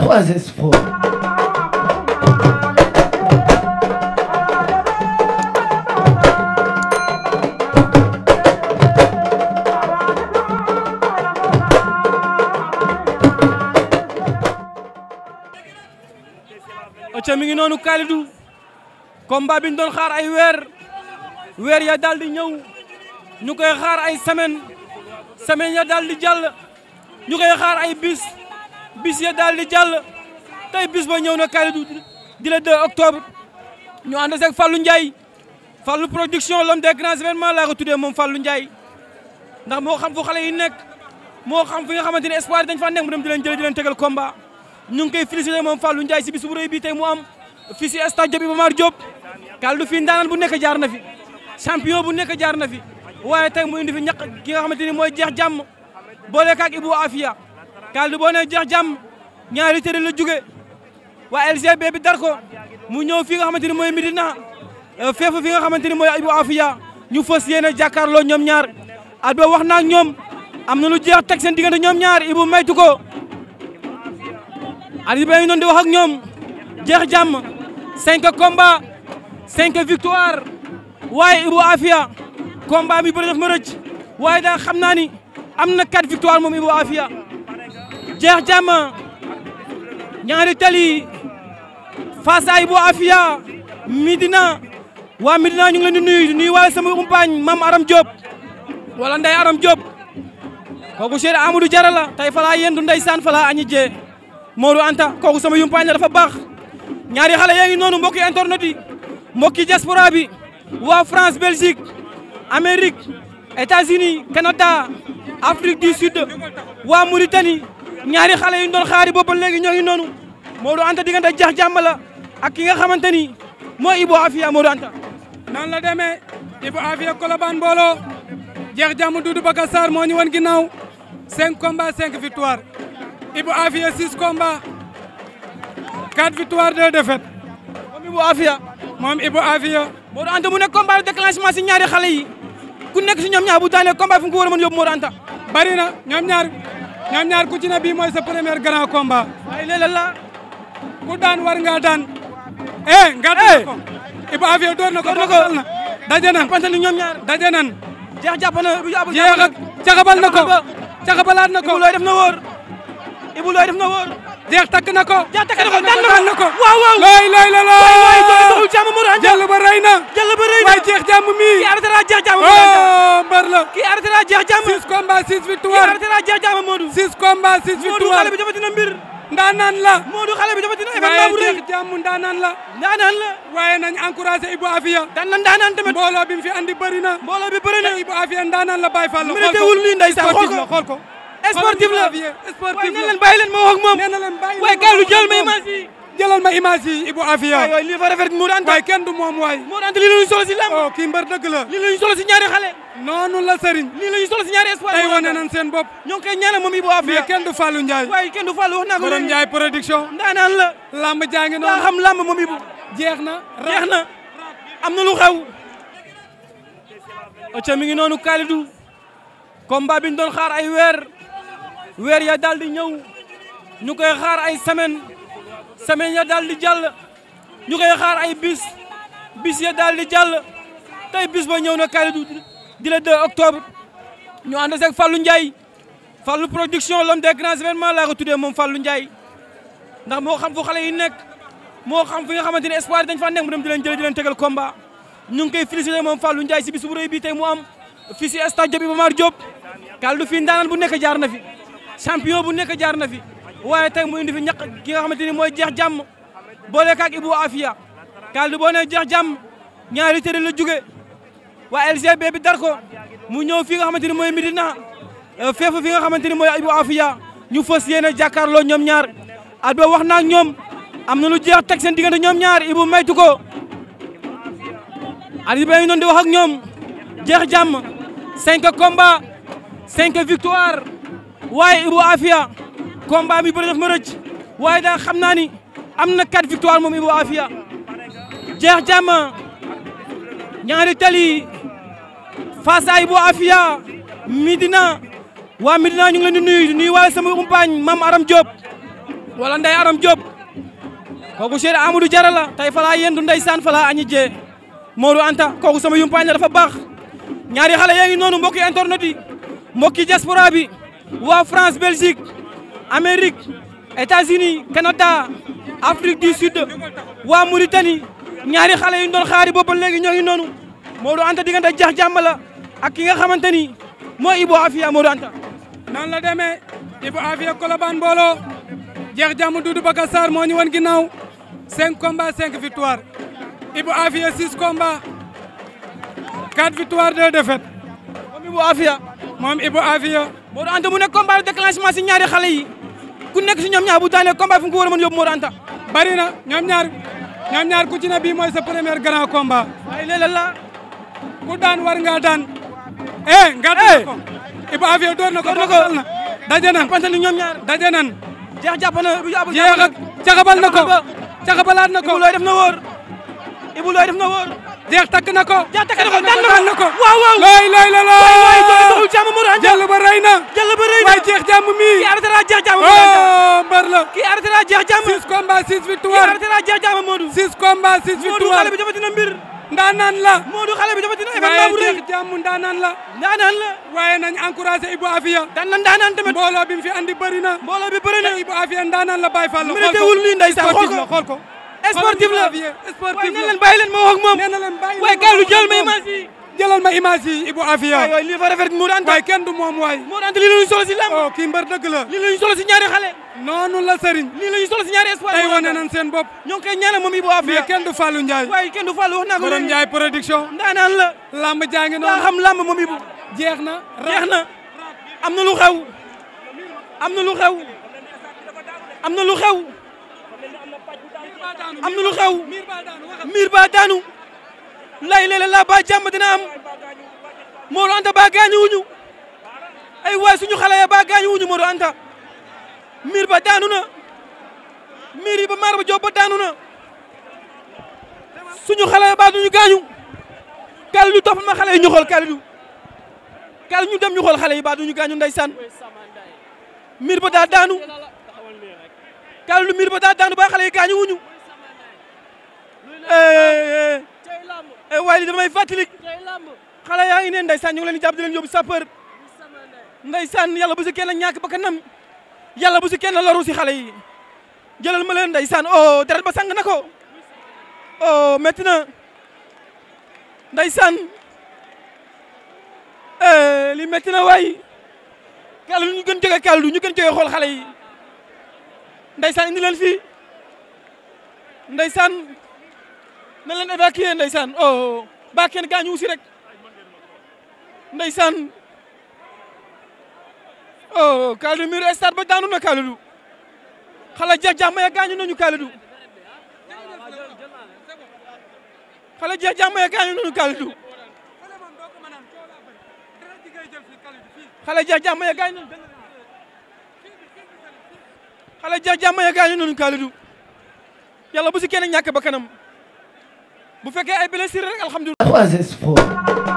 3S Pro. ca mi ngi noonu Kalidou combat bi ñu doon xaar ay weer weer ya daal di ñëw ñu koy xaar ay semaine semaine ya daal di jàll ñu koy xaar ay bis bis ya daal di jàll tey bis ba ñëw na Kalidou di le 2 octobre ñu ànd ak njaay Ndiaye Fallou production l'homme des grands événements laa ko tude moom Fallou Ndiaye ndax moo xam fu xale yi nekk moo xam fi nga xamante ne espoir dañ fa nekk mu dem di leen jëlee di komba tegal combat ñu ngi moom fallu Ndiaye si bis bu rëy bi tey mu am fii si stade Iba Mar Diop Kalidou fii ndaanaan bu nekk jaar na fi champion bu nekk jaar na fi waaye tey mu indi fi ñaq ki nga xamante ni mooy jeex jàmm boolekaak Ibou Afia kaldu boo ne jeex jàmm ñaari tëri la jóge waa LGB bi dar ko mu ñëw fi nga xamante ni mooy Medina euh, feefu fi nga xamante ni mooy Ibou Afia ñu fas yéene jàkkaarloo ñoom ñaar doo wax na ak ñoom am na lu jeex teg seen diggante ñoom ñaar Ibou maytu ko a ba ngi noonu di wax ak ñoom jeex jàmm cinq combat cinq victoire waaye Ibou Afia combat mi bëri def ma waaye daal xam naa ni am na quatre victoire moom Ibou Afia Jeex Jàmm ñaari tali face ay bu Afia Midina waa Midina ñu ngi nuyu nuyu waale sama compagne Mame Aram Diop wala Ndeye Aram Diop kooku Cheikh Amadou Jara tey fa yendu ndeysaan fa laa añi jee Modou Anta kooku sama yumpaañ la dafa baax ñaari xale yaa noonu mbokki internet yi mbokki diaspora bi waa France Belgique Amérique États-Unis Canada Afrique du Sud waa Mauritanie ñaari xale yu doon xaari boobu léegi ñoo ngi noonu Modou Anta diggante jax jàmm la ak ki nga xamante ni mooy Ibo Afia Modou Anta. nan la demee Ibo Afia Colobane mbooloo jeex jàmm Doudou Bakar Sarr moo ñu wan ginnaaw 5 combats 5 victoire Ibo Afia 6 combats 4 victoire 2 défaites. moom Ibo Afia. moom Ibo Afia. Modou Anta mu nekk combat de déclenchement si ñaari xale yi ku nekk si ñoom ñaar bu daanee combat fu mu ko war a mën Anta. bari na ñoom ñaar. ñoom ñaar ku ci ne bii mooy sa premier grand combat. la ku daan war ngaa daan. eh nga daan eh! ko. Iba Afia door na ko door na daje nan pante ni ñoom ñaar daje nan. jeex jàpp na jeex ak caxabal na ko caxabalaat na ko. Ibou na wóor Ibou Loye na jeex takk na ko. jeex takk na ko daan na ko waaw waaw looy looy la looy. jàmm moo doon jàll ba rey na jàll ba rey na waaye jeex jàmm mi kii arrêté naa jeex jàmm oh mbër la kii arrêté naa jeex jàmm six combat six victoire kii arrêté naa jeex jàmm Modou six combat six victoire Modou xale bi dafa dina mbir ndaanaan la Modou xale bi dafa dina événement bu rëy waaye jeex jàmm ndaanaan la ndaanaan la waaye nañ encouragé Ibou Afia daan na ndaanaan tamit mbooloo bi mu fi andi bëri na mbooloo bi bëri na Ibou Afia ndaanaan la Baye Fall mu ne teewul lii ndeysaan xool ko sportif la sportif la waaye na leen bàyyi leen ma wax ak moom waaye gàllu jël ma image yi jëlal ma image yi Ibou Afia waay lii dafa rafet Modou Anta waay kenn du moom waay Modou Anta lii ñu solo si lamb oh kii mbër dëgg la lii ñu solo si ñaari xale noonu la sëriñ lii ñu solo si ñaari espoir tey wane nañ seen bop ñoo ngi koy ñaanal moom Ibou Afia mais kenn du Fallou Ndiaye waay kenn du Fallou wax naa ko borom Ndiaye production ndaanaan la lamb jaa noonu lamb moom Ibou jeex na jeex na am na lu xew oca mi ngi noonu Kalidou combat bi ñu doon xaar ay weer weer ya daal di ñëw ñu koy xaar ay semaine semaine ya daal di jàll ñu koy xaar ay bis bis ya daal di jàll tey bis ba ñëw na Kalidou di le 2 octobre ñu ànd ak Fallou Ndiaye Fallou production l'homme des grands événements laa ko tuddee moom Fallou Ndiaye ndax moo xam fu xale yi nekk moo xam fi nga xamante ne espoir dañ fa nekk mu dem di leen jëlee di leen tegal combat ñu ngi koy félicité moom fallu Ndiaye si bis bu rëy bi tey mu am fii si stade Iba Mar Diop Kalidou fii ndaanaan bu nekk jaar na fi champion bu nekk jaar na fi waaye tey mu indi fi ñaq ki nga xamante ni mooy jeex jàmm boole kaak Ibou Afia kaldu boo jeex jàmm ñaari tëri la jóge waa LGB bi dar ko mu ñëw fii nga xamante ni mooy Medina euh, feefu fi nga xamante ni mooy Ibou Afia fo fas yéene jàkkaarloo ñoom ñaar Aldo wax na ak ñoom am na lu jeex teg seen diggante ñoom ñaar Ibou maytu ko Aldo ba ngi doon di ak ñoom jeex jàmm cinq combats cinq victoire waaye Ibou Afia combat mi bëri daf waaye daal xam naa ni am na 4 victoire moom Ibou Afia jeex jàmm ñaari tali face à Ibou Afia waa Medina ñu ngi leen di nuyu di nuyu waaye sama compagne mam Aram Diop wala nday Aram Diop kooku Cheikh Amadou Diarra la tey fa laa yendu ndeysaan fa laa añi jee Modou Anta kooku sama yumpaañ la dafa baax ñaari xale yaa ngi noonu mbokki internet yi mbokki diaspora waa France Belgique Amérique États-Unis Canada Afrique du Sud waa Mauritanie ñaari xale yu xaari boobu léegi ñoo ngi noonu Modou Anta diggante Jax Jàmbala ak ki nga xamante ni mooy Ibo Afia Modou Anta. nan la demee Ibo Afia Colobane mbooloo Jax Jàmm Doudou Bakar Sarr moo ñu wan ginnaaw 5 combats 5 victoires Ibo Afia 6 combats 4 victoires 2 défaites. moom Ibo Afia. moom Ibo Afia. Modou Anta mu nekk combat de déclenchement si ñaari xale yi. ku nekk si ñoom ñaar bu daanee combat fu mu ko a mën yóbbu Modou Anta bari na ñoom ñaar ñoom ñaar ku ci ne premier grand combat waaye léeg-léeg la ku daan war ngaa daan eh nga daan eh! ko Iba Afia na ko door na daje nan pante ni ñoom ñaar daje jeex jàpp na jeex ak caxabal na ko caxabalaat na ko Ibou Loye def na wóor Ibou na wóor jeex takk na ko. jeex takk na ko daan na ko waaw waaw. looy looy la looy. waay waay jàmm Modou Anta jàll ba rey na. jàll ba rey na waay jeex jàmm mi. kii arrêté naa jeex jàmm Modou Anta. oh mbar la. kii arrêté naa jeex jàmm. 6 combats 6 victoires. kii arrêté naa jeex jàmm Modou. 6 combats 6 victoires Modou xale bi dafa dina mbir. ndaanaan la. Modou xale bi dafa dina événement bu rëy. waaye jeex jàmm ndaanaan la. ndaanaan la. waaye nañ encouragé Ibou Afia. daan na ndaanaan tamit. mbooloo bi mu fi andi bëri na. mbooloo bi bëri na. Ibou Afia ndaanaan la Baye Fall la. xool ko mu ne teewul lii ndeysaan xool ko sportif la sportif la leen bàyyi leen ma wax ak moom. nee yi. jëlal ma image yi Ibou Afia. waay waay lii dafa rafet Modou Anta. waay kenn du moom waay. Modou si lamb. oh kii mbër dëgg la. lii la solo si ñaari xale. noonu la Serigne. lii la ñuy solo si ñaari espoir. tey wane nañ seen bopp. ñoo ngi koy ñaanal moom Ibou Afia. kenn du Fallou Ndiaye. waay kenn du Fallou wax naa ko. borom Ndiaye production. ndaanaan la. lamb jaa ngi noonu. xam lamb moom Ibou. jeex na jeex na. am na lu xew. am na lu xew. lu xew. am na lu xew miir ba daanu lay léeg la ba jàmm dina am Modou Anta ba gaañuwuñu ay waay suñu xale ya ba gaañuwuñu Modou Anta miir ba daanu na miir yi ba maar ba job ba daanu na suñu xale ya ba duñu gaañu kàll ñu toppal ma xale yi ñu xool kàll ñu kàll ñu dem ñu xool xale yi ba duñu gaañu ndeysaan miir ba daa daanu lu miir ba daal daanu ba xale yi gaañu wuñu eh, eh, eh. waaye li damay fàttali xale yaa ngi ne ndeysaan ñu ngi leen di jàpp di leen yóbbu sapeur ndeysaan yàlla bu si kenn ñàkk ba kanam yàlla bu si kenn loru si xale yi jëlal ma nday saan oh deret ba sang na ko oh métti na ndeysaan li mettina na waay kàllu ñu gën jóge kàllu ñu gën jóge xool xale yi ndeysaan indi leen fii ndeysaan na leen évacuer ndeysaan oh, oh, oh. ba kenn gaañu aussi rek ndeysaan oh, oh Kalidou miir stade ba daanu na Kalidou xale jeex-jeex ma ya gaañu nañu Kalidou xale jeex-jeex ma ya gaañu nañu Kalidou xale jeex-jeex ma ya gaañu nañu xale ja jàmm ya gaañu noonu Kalidou yàlla bu si kenn ñàkk ba kanam bu fekkee ay blessure rek alhamdulilah.